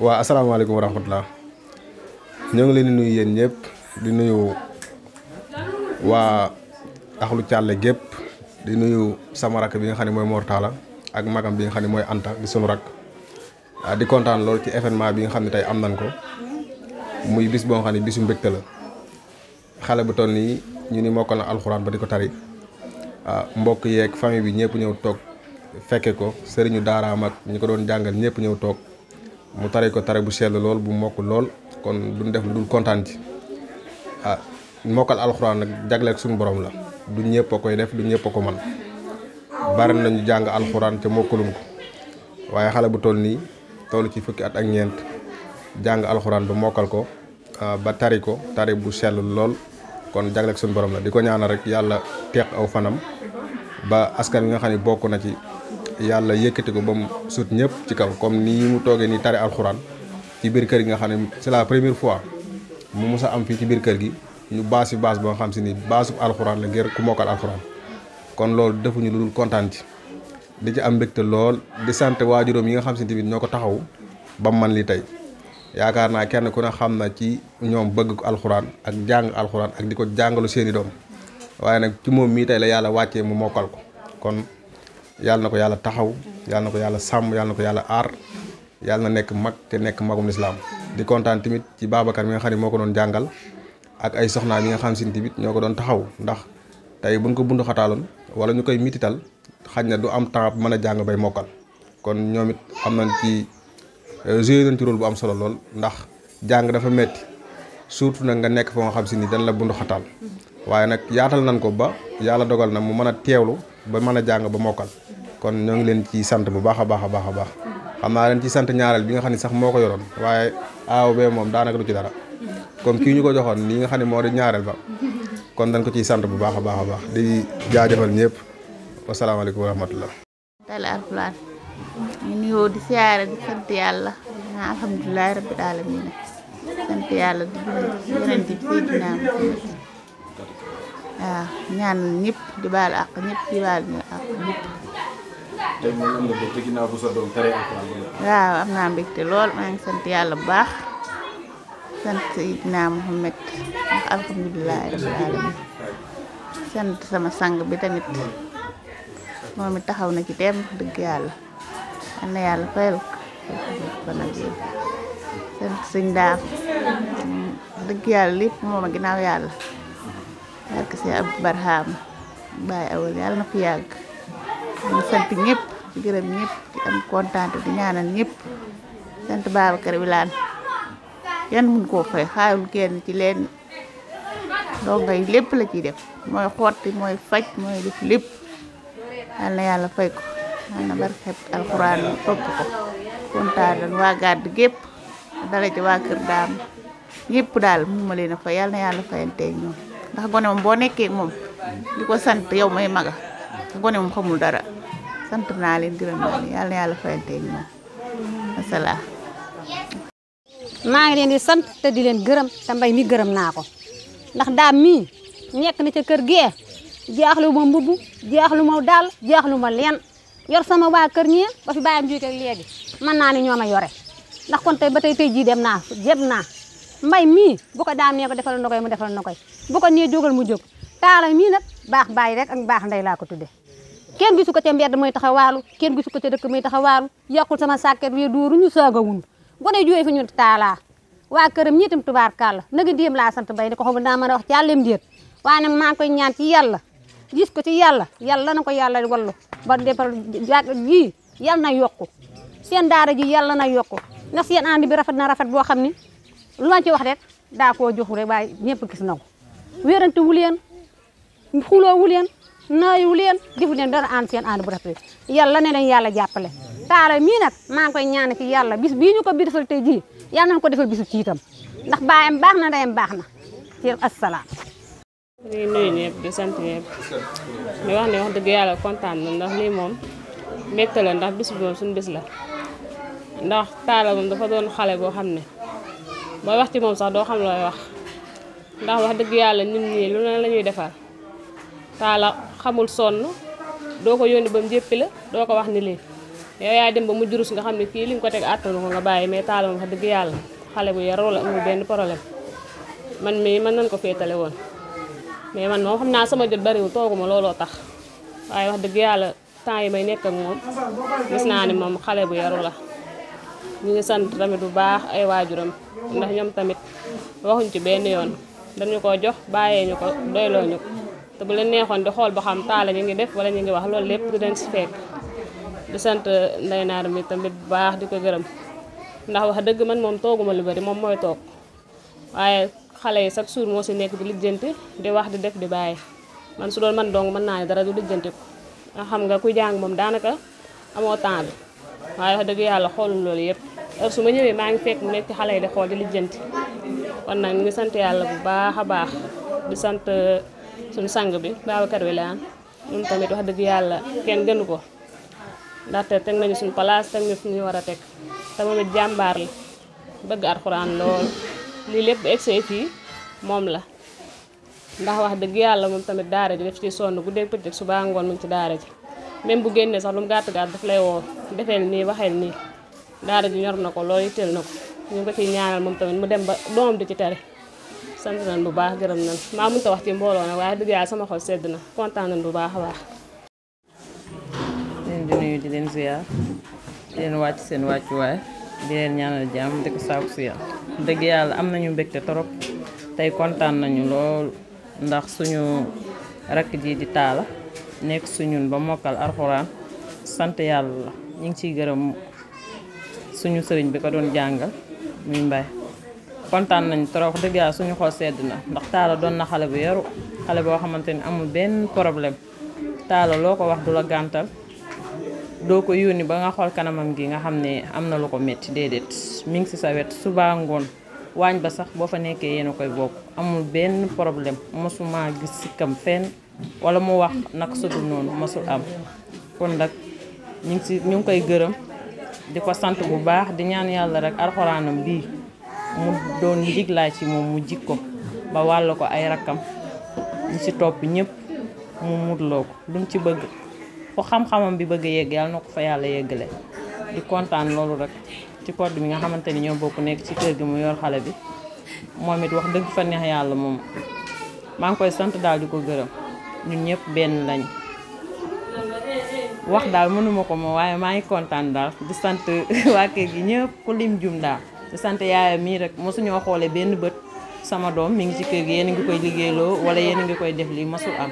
wa assalamualaikum warahmatullah ngi leen di nuyu yéen ñëpp di nuyu wa axlu càlle gep di nuyu sama rakk bi nga xam ne mooy ak magam bi nga Anta di sunu ah, di kontan loolu ci événement bi nga xam tay tey am nañ ko muy bis boo xam bisu mbégte la xale bu ñu ni mokkal na alxuraan ba di tari ah, mbok yeeg famille bi ñëpp ñëw toog fekke ko sëriñu daaraam ak ñi ko doon jangal mu taré ko taré bu sel lool bu mok lool kon duñ def duñ dul kontaan ci ah mokkal alxuraan nag jagleeg suñu borom la duñ ñepp koy def duñ ñepp ko man bar nañu jang alcorane te mokulum ko waye xale bu toll ni toll ci fukki at ak ñent jang alcorane bu mokal ko ba taré ko tari bu sel lool kon ak suñu borom la di ko ñaanal rek yalla tek aw fanam ba askan nga xani bokku na ci yàlla yëkkati ko ba mu sut ñëpp ci kaw comme nii mu toogee nii tari alxuraan ci biir kër gi nga xam ne c'est la première fois mu musa am fii ci biir kër gi ñu baas fi baas ba nga xam si ni baasub alxuraan la ngir ku mokkal alxuraan kon loolu defuñu lu dul kontaan ci di ci am mbégte lool di sant juróom yi nga xam si tamit ñoo ko taxaw ba man li tey yaakaar naa kenn ku ne xam na ci ñoom bëgg ko alxuraan ak jàng alxuraan ak di ko jàngalu seeni doom waaye yàlla wàccee mu mokkal ko yàlla na ko yàlla taxaw yàlla na ko yàlla sàmm yàlla na ko yàlla aar yàlla na nekk mag te nekk magum lislaam di kontaan tamit ci Babacar mi nga xam ne moo ko doon jàngal ak ay soxnaam yi nga xam si ne tamit ñoo ko doon taxaw ndax tey buñ ko bundu wala ñu koy mitital xaj na du am temps mën a jàng bay mokkal kon ñoom it am nañ ci euh, joué bu am solo lool ndax jàng dafa metti surtout nag nga nekk fa nga xam si ni dañ la bundu xataal mm-hmm. waaye nag yaatal nañ ko ba yàlla dogal na mu mën a teewlu ba mën a jàng ba mokkal kon ñoo ngi leen ci sante bu baaxa baaxa baaxa baax a xam naa leen ci sante ñaaral bi nga xam ne sax moo ko yoroon waaye aaw bee moom daanaka du ci dara comme kii ñu ko joxoon li nga xam ne moo di ñaareel ba kon dañ ko ciy sant bu baaxa baaxa baax a baax di jaajëfal ñëpp wasalaamaaleykum wa rahmatullah tali alquran ñu nuyoo di siyaare di sant yàlla na alhamdulilahi rabbil alamin sant yàlla di julli yeneen di seydina waaw ñaan ñëpp di baal ak ñëpp di baal ñu ak ñëpp am nga mbégte ginnaaw waaw am naa mbégte lool maa ngi sant yàlla bu baax sant Seydina Mohamed ndax alhamdulilah sama sang bi tamit moom it taxaw na ci dem dëgg yàlla am na yàlla fayal ko sant daam dëgg yàlla lépp moom a ginnaaw yàlla barke si Abdou Barham Baye Awal yàlla na fi yàgg ñu sant ñëpp ci gërëm ñëpp di am kontaan di ñaanal ñëpp sant Babacar Wilane kenn mun koo fay xaayul kenn ci leen donga yi lépp la ciy def mooy xotti mooy faj mooy def lépp yal na yàlla fay ko yal na barkeb ko kontaan dañ gépp dala ci waa kër daam ñëpp daal mun ma leen a yàlla yàlla fayanteeg ñoom ndax gone moom boo nekkee moom di ko sant yow may maga gone moom xamul dara kan naa leen gërëm naa leen yàlla na masalah. fayanteeg moom masala maa ngi leen di sant te di dami, gërëm te mbay mi gërëm naa ko ndax daam mii nekk na ca kër gee jaaxlu yor sama waa kër ñee ba fi bàyyam jóge léegi mën naa ne ñoo ma yore ndax kon tey ba tey tey jii dem naa jeb naa mbay mii bu ko daam nee ko defal na mu defal na koy bu ko nee jógal mu jóg taala mii nag baax bàyyi rek ak ko kenn gisu ko ca mbedd muy taxawaalu kenn gisu ko ca dëkk muy taxawaalu yàqul sama sàkket wee dóoruñu saagawuñu gone jóoy fi ñu taalaa waa këram ñiitam tubaarkàlla naga déem laa sant bay ni ko xam naa mën a wax ci àllem déet waaye nag koy ñaan ci yàlla gis ko ci yàlla yàlla na ko yàlla wallu ba defal ji yàlla na yokku seen daara ji yàlla na yokku ndax seen ànd bi rafet na rafet boo xam ni lu ma ci wax rek daa koo joxu rek waaye ñëpp gis na ko wéerante wu leen xuloo nooyu leen defu leen dara ànd seen ànd bu rafet yàlla ne leen yàlla jàppale taala mii nag maa ngi koy ñaan ci yàlla bis bii ko bi defal tey jii yàlla nañ ko defal bisu ndax baayam baax na ndeyam baax na ci assalaam ñu nuyu ñëpp di sant ñëpp di wax ne wax dëgg yàlla kontaan na ndax lii moom mbégte la ndax bis bi moom suñu bis la ndax taala moom dafa doon xale boo xam ne booy wax ci moom sax doo xam looy wax ndax wax dëgg yàlla nit ñi lu la ñuy defar taala xamul sonn doo ko yónni ba mu la doo ko wax ni lii yow ya dem ba mu jurus nga xamni fi kii li ko tek atal ko nga baye mais taala wax dëgg xale bu yaro la amul ben problème man mi man nan ko féetale won mais man mo xamna sama jot bariwul tooguma lolo tax waye wax deug yalla temps yi may nek ak mom gis na ni mom xale bu yaro la ñu ngi sant tamit bu baax ay wajuram ndax ñom tamit waxuñ ci ben yoon dañu ko jox baye ñu ko doyloo ñu ko te bu leen neexoon di xool ba xam taala ñu ngi def wala ñu ngi wax loolu lépp du leen si fekk di sant ndey mi tamit baax di ko gërëm ndax wax dëgg man moom tooguma lu bari moom mooy toog waaye xale yi chaque jour moo si nekk di lijjanti di wax di def di bàyyi man su doon man dong mën naa dara du lijjanti ko xam nga ku jàng moom daanaka amoo temps bi waaye wax dëgg yàlla xoolul loolu yëpp heure su ma ñëwee maa ngi fekk mu nekk ci xale yi di xool di lijjanti kon nag ñu ngi sant yàlla bu baax a baax di sant suñu sang bi wi Wilane moom tamit wax dëgg yàlla kenn gënu ko ndaxte teg nañu suñu place teg nañu fu ñu war a teg te moom jàmbaar la bëgg alxuraan lool lii lépp egsi fii moom la ndax wax dëgg yàlla moom tamit daara ji def ci sonn guddeeg bëccëg suba ngoon mu ci daara ji même bu génnee sax lu mu gàtt gàtt daf lay woo defeel nii waxeel nii daara ji ñor na ko loolu yitteel na ko ñu ko ciy ñaanal moom tamit mu dem ba doom di ci tere sant nañ bu baax gërëm nañ maa mënta wax ci mbooloo nag waaye dëgg yàlla sama xol sedd na kontaan nañ bu baax a baax leen di nuyu di leen ziar di leen wàcc seen wàccuwaay di leen ñaanal jàmm di ko saaku si yàlla dëgg yàlla am nañu mbégte torop tey kontaan nañu lool ndax suñu rakk ji di taala nekk suñu ba mokkal arxuraan sant yàlla la ñu ngi ciy gërëm suñu sëriñ bi ko doon jàngal muy mbay kontaan nañ trop wax dëgg yàlla suñu xol sedd na ndax taala doon na xale bu yaru xale boo xamante ni amul benn problème taala loo ko wax du la gàntal doo ko yónni ba nga xool kanamam gi nga xam ne am na lu ko métti déedéet mi ngi si sa wet suba ngoon waañ ba sax boo fa nekkee yéen koy bokk amul benn problème mosuma gis sikkam fenn wala mu wax nag sudul noonu mosul am kon nag ñu ñu ngi koy gërëm di ko sant bu baax di ñaan yàlla rek alxuraanam mu doon njiglaay ci moom mu jig ko ba wàll ko ay rakkam ñu ci topp ñëpp mu mutloo ko lu mu ci bëgg fu xam-xamam bi bëgg a yegg yàlla na ko fa yàlla yeggale di kontaan loolu rek ci code bi nga xamante ni ñoo bokk nekk ci kër gi mu yor xale bi moom it wax dëgg fa neex yàlla moom maa ngi koy sant daal di ko gërëm ñun ñëpp benn lañ wax daal mënuma ko moom waaye maa ngi kontaan daal di sant waa kër gi ñëpp ku lim jum daal te sante yaay mi rek mosuñoo xolé benn beut sama doom mi ngi ci kër yeen a ngi koy liggéeyloo wala yeen ngi koy def masul am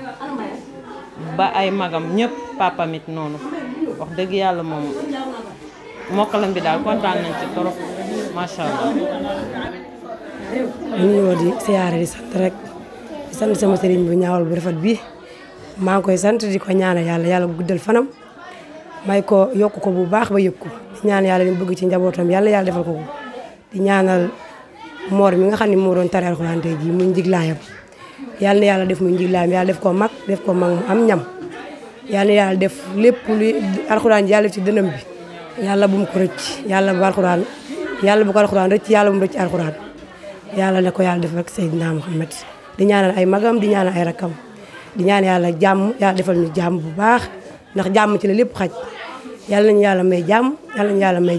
ba ay magam papa papa nonu wax deug yalla mom mokalam bi dal contane nañ ci torop sha allah. ñu ñëw di siyaare di sante rek sante sama serigne bu ñaawal bu rafet bi ma ngi koy di ko ñaanal yalla yalla guddal fanam may ko yokko ko bu baax ba yekku ñaan yalla li bëgg ci njabootam yalla yalla defal ko ko. di ñaanal moor mi nga xam ne moo doon tare alxuraan tey jii mu njiglaayam yàlla na yàlla def muy njiglaayam yàlla def koo mag def koo mag mu am ñam yàlla na yàlla def lépp lu alxuraan yàlla def ci dënam bi yàlla bu mu ko rëcc yàlla bu alxuraan yàlla bu ko alxuraan rëcc yàlla bu mu rëcc alxuraan yàlla na ko yàlla def rek Seydina Muhammad di ñaanal ay magam di ñaanal ay rakam di ñaan yàlla jàmm yàlla defal ñu jàmm bu baax ndax jàmm ci la lépp xaj yàlla nañu yàlla may jàmm yàlla nañu yàlla may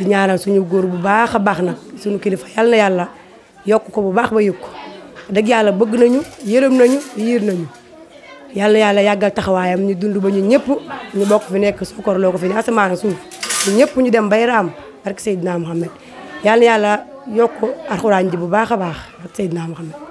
di ñaanal suñu góor bu baax a baax nag suñu kilifa yàlla yàlla yokk ko bu baax ba yëg ko dëgg yàlla bëgg nañu yërëm nañu yiir nañu yàlla yàlla yàggal taxawaayam ñu dund ba ñu ñëpp ñu bokk fi nekk suukar loo ko fi ne asamaan suuf ñu ñëpp ñu dem bay raam barke Seydina Mohamed yàlla yàlla yokk alxuraan ji bu baax a baax ak Seydina Mohamed